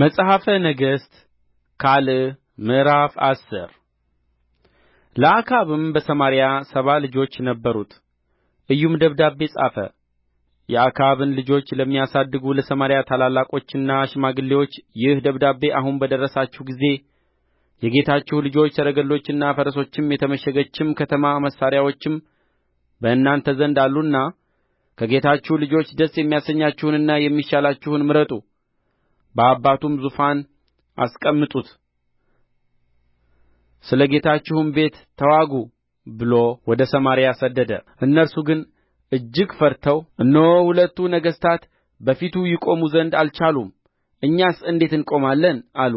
መጽሐፈ ነገሥት ካልዕ ምዕራፍ አስር ለአክዓብም በሰማርያ ሰባ ልጆች ነበሩት ኢዩም ደብዳቤ ጻፈ የአክዓብን ልጆች ለሚያሳድጉ ለሰማርያ ታላላቆችና ሽማግሌዎች ይህ ደብዳቤ አሁን በደረሳችሁ ጊዜ የጌታችሁ ልጆች ሰረገሎችና ፈረሶችም የተመሸገችም ከተማ መሣሪያዎችም በእናንተ ዘንድ አሉና ከጌታችሁ ልጆች ደስ የሚያሰኛችሁንና የሚሻላችሁን ምረጡ በአባቱም ዙፋን አስቀምጡት ስለ ጌታችሁም ቤት ተዋጉ ብሎ ወደ ሰማርያ ሰደደ እነርሱ ግን እጅግ ፈርተው እነሆ ሁለቱ ነገሥታት በፊቱ ይቆሙ ዘንድ አልቻሉም እኛስ እንዴት እንቆማለን አሉ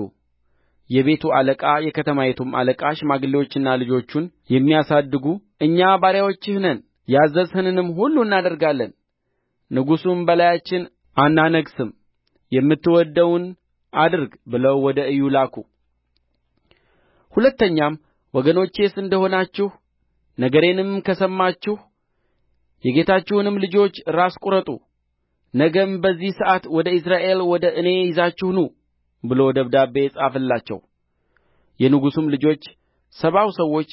የቤቱ አለቃ የከተማይቱም አለቃ ሽማግሌዎችና ልጆቹን የሚያሳድጉ እኛ ባሪያዎችህ ነን ያዘዝኸንንም ሁሉ እናደርጋለን ንጉሡም በላያችን አናነግሥም የምትወድደውን አድርግ ብለው ወደ ኢዩ ላኩ ሁለተኛም ወገኖቼስ እንደ ሆናችሁ ነገሬንም ከሰማችሁ የጌታችሁንም ልጆች ራስ ቍረጡ ነገም በዚህ ሰዓት ወደ ኢይዝራኤል ወደ እኔ ይዛችሁ ኑ ብሎ ደብዳቤ ጻፈላቸው የንጉሡም ልጆች ሰባው ሰዎች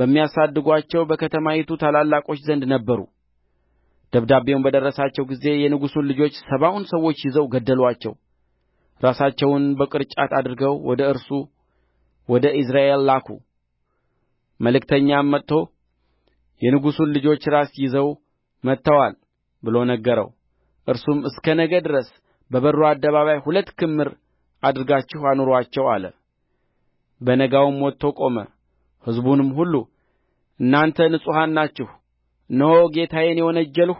በሚያሳድጓቸው በከተማይቱ ታላላቆች ዘንድ ነበሩ ደብዳቤውም በደረሳቸው ጊዜ የንጉሡን ልጆች ሰባውን ሰዎች ይዘው ገደሉአቸው ራሳቸውን በቅርጫት አድርገው ወደ እርሱ ወደ ኢይዝራኤል ላኩ መልእክተኛም መጥቶ የንጉሡን ልጆች ራስ ይዘው መጥተዋል ብሎ ነገረው እርሱም እስከ ነገ ድረስ በበሩ አደባባይ ሁለት ክምር አድርጋችሁ አኑሩአቸው አለ በነጋውም ወጥቶ ቆመ ሕዝቡንም ሁሉ እናንተ ንጹሐን ናችሁ እነሆ ጌታዬን የወነጀልሁ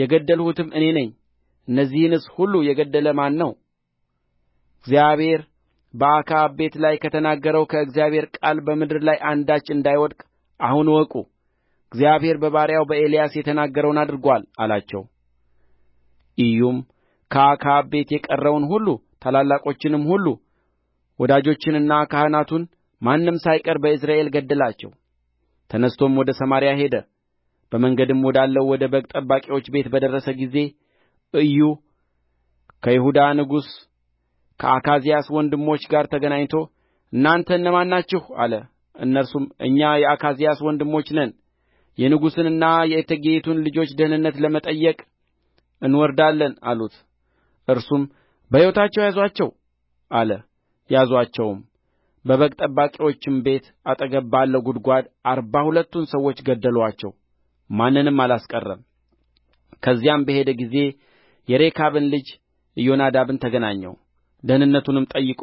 የገደልሁትም እኔ ነኝ እነዚህንስ ሁሉ የገደለ ማን ነው እግዚአብሔር በአክዓብ ቤት ላይ ከተናገረው ከእግዚአብሔር ቃል በምድር ላይ አንዳች እንዳይወድቅ አሁን እወቁ እግዚአብሔር በባሪያው በኤልያስ የተናገረውን አድርጎአል አላቸው ኢዩም ከአክዓብ ቤት የቀረውን ሁሉ ታላላቆችንም ሁሉ ወዳጆቹንና ካህናቱን ማንም ሳይቀር በኢይዝራኤል ገደላቸው ተነሥቶም ወደ ሰማርያ ሄደ በመንገድም ወዳለው ወደ በግ ጠባቂዎች ቤት በደረሰ ጊዜ ኢዩ ከይሁዳ ንጉሥ ከአካዝያስ ወንድሞች ጋር ተገናኝቶ እናንተ እነማን ናችሁ አለ እነርሱም እኛ የአካዝያስ ወንድሞች ነን የንጉሥንና የእቴጌይቱን ልጆች ደኅንነት ለመጠየቅ እንወርዳለን አሉት እርሱም በሕይወታቸው ያዙአቸው አለ ያዙአቸውም በበግ ጠባቂዎችም ቤት አጠገብ ባለው ጕድጓድ አርባ ሁለቱን ሰዎች ገደሉአቸው ማንንም አላስቀረም ከዚያም በሄደ ጊዜ የሬካብን ልጅ ኢዮናዳብን ተገናኘው ደኅንነቱንም ጠይቆ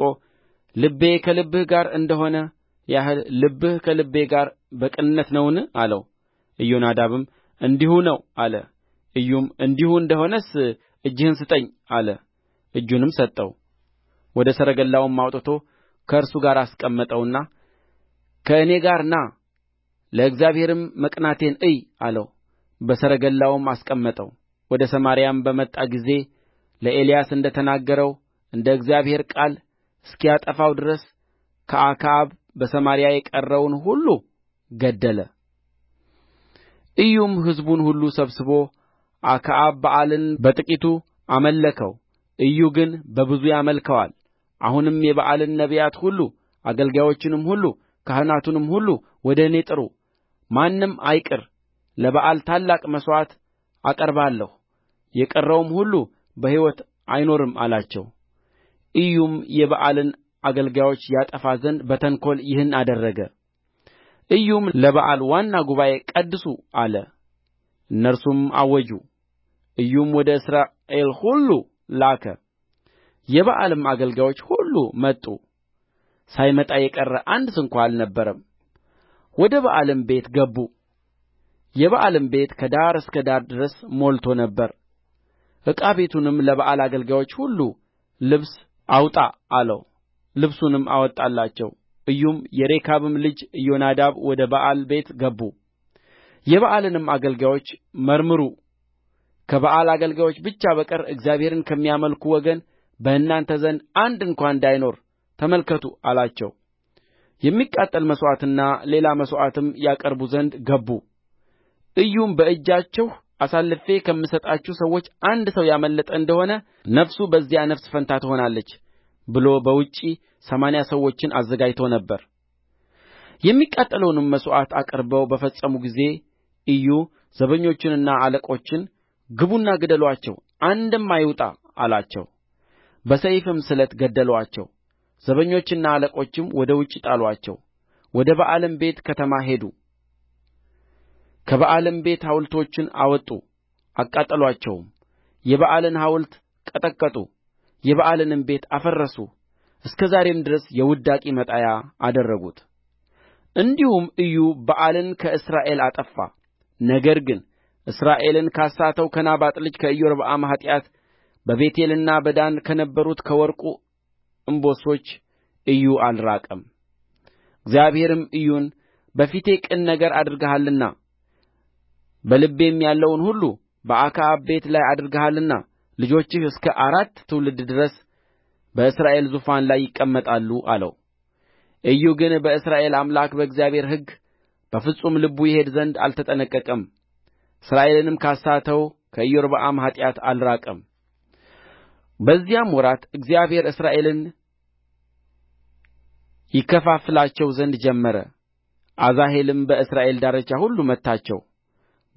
ልቤ ከልብህ ጋር እንደ ሆነ ያህል ልብህ ከልቤ ጋር በቅንነት ነውን አለው ኢዮናዳብም እንዲሁ ነው አለ ኢዩም እንዲሁ እንደ ሆነስ እጅህን ስጠኝ አለ እጁንም ሰጠው ወደ ሰረገላውም አውጥቶ ከእርሱ ጋር አስቀመጠውና ከእኔ ጋር ና ለእግዚአብሔርም መቅናቴን እይ አለው በሰረገላውም አስቀመጠው ወደ ሰማርያም በመጣ ጊዜ ለኤልያስ እንደ ተናገረው እንደ እግዚአብሔር ቃል እስኪያጠፋው ድረስ ከአክዓብ በሰማርያ የቀረውን ሁሉ ገደለ ኢዩም ሕዝቡን ሁሉ ሰብስቦ አክዓብ በኣልን በጥቂቱ አመለከው ኢዩ ግን በብዙ ያመልከዋል አሁንም የበኣልን ነቢያት ሁሉ አገልጋዮቹንም ሁሉ ካህናቱንም ሁሉ ወደ እኔ ጥሩ ማንም አይቅር ለበኣል ታላቅ መሥዋዕት አቀርባለሁ የቀረውም ሁሉ በሕይወት አይኖርም አላቸው ኢዩም የበኣልን አገልጋዮች ያጠፋ ዘንድ በተንኰል ይህን አደረገ ኢዩም ለበኣል ዋና ጉባኤ ቀድሱ አለ እነርሱም አወጁ ኢዩም ወደ እስራኤል ሁሉ ላከ የበኣልም አገልጋዮች ሁሉ መጡ ሳይመጣ የቀረ አንድ ስንኳ አልነበረም ወደ በኣልም ቤት ገቡ የበኣልም ቤት ከዳር እስከ ዳር ድረስ ሞልቶ ነበር ዕቃ ቤቱንም ለበኣል አገልጋዮች ሁሉ ልብስ አውጣ አለው ልብሱንም አወጣላቸው ኢዩም የሬካብም ልጅ ኢዮናዳብ ወደ በኣል ቤት ገቡ የበኣልንም አገልጋዮች መርምሩ ከበኣል አገልጋዮች ብቻ በቀር እግዚአብሔርን ከሚያመልኩ ወገን በእናንተ ዘንድ አንድ እንኳ እንዳይኖር ተመልከቱ አላቸው የሚቃጠል መሥዋዕትና ሌላ መሥዋዕትም ያቀርቡ ዘንድ ገቡ ኢዩም በእጃችሁ አሳልፌ ከምሰጣችሁ ሰዎች አንድ ሰው ያመለጠ እንደ ሆነ ነፍሱ በዚያ ነፍስ ፋንታ ትሆናለች ብሎ በውጭ ሰማንያ ሰዎችን አዘጋጅቶ ነበር የሚቃጠለውንም መሥዋዕት አቅርበው በፈጸሙ ጊዜ ኢዩ ዘበኞቹንና አለቆቹን ግቡና ግደሉአቸው አንድም አይውጣ አላቸው በሰይፍም ስለት ገደሉአቸው ዘበኞችና አለቆችም ወደ ውጭ ጣሉአቸው ወደ በኣልም ቤት ከተማ ሄዱ ከበኣልም ቤት ሐውልቶችን አወጡ አቃጠሉአቸውም የበኣልን ሐውልት ቀጠቀጡ የበኣልንም ቤት አፈረሱ እስከ ዛሬም ድረስ የውዳቂ መጣያ አደረጉት እንዲሁም ኢዩ በኣልን ከእስራኤል አጠፋ ነገር ግን እስራኤልን ካሳተው ከናባጥ ልጅ ከኢዮርብዓም ኃጢአት በቤቴልና በዳን ከነበሩት ከወርቁ እምቦሶች ኢዩ አልራቀም እግዚአብሔርም ኢዩን በፊቴ ቅን ነገር አድርገሃልና በልቤም ያለውን ሁሉ በአክዓብ ቤት ላይ አድርገሃልና ልጆችህ እስከ አራት ትውልድ ድረስ በእስራኤል ዙፋን ላይ ይቀመጣሉ አለው ኢዩ ግን በእስራኤል አምላክ በእግዚአብሔር ሕግ በፍጹም ልቡ ይሄድ ዘንድ አልተጠነቀቀም እስራኤልንም ካሳተው ከኢዮርብዓም ኃጢአት አልራቀም በዚያም ወራት እግዚአብሔር እስራኤልን ይከፋፍላቸው ዘንድ ጀመረ አዛሄልም በእስራኤል ዳርቻ ሁሉ መታቸው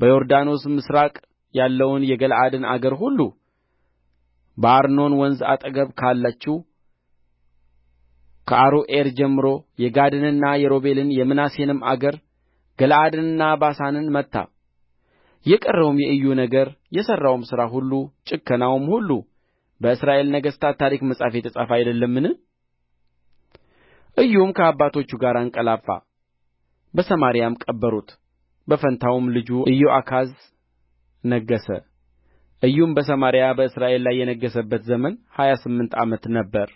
በዮርዳኖስ ምሥራቅ ያለውን የገለዓድን አገር ሁሉ በአርኖን ወንዝ አጠገብ ካለችው ከአሮዔር ጀምሮ የጋድንና የሮቤልን የምናሴንም አገር ገለዓድንና ባሳንን መታ የቀረውም የኢዩ ነገር የሠራውም ሥራ ሁሉ ጭከናውም ሁሉ በእስራኤል ነገሥታት ታሪክ መጽሐፍ የተጻፈ አይደለምን ኢዩም ከአባቶቹ ጋር አንቀላፋ በሰማርያም ቀበሩት በፋንታውም ልጁ ኢዮአካዝ ነገሠ ኢዩም በሰማርያ በእስራኤል ላይ የነገሠበት ዘመን ሀያ ስምንት ዓመት ነበረ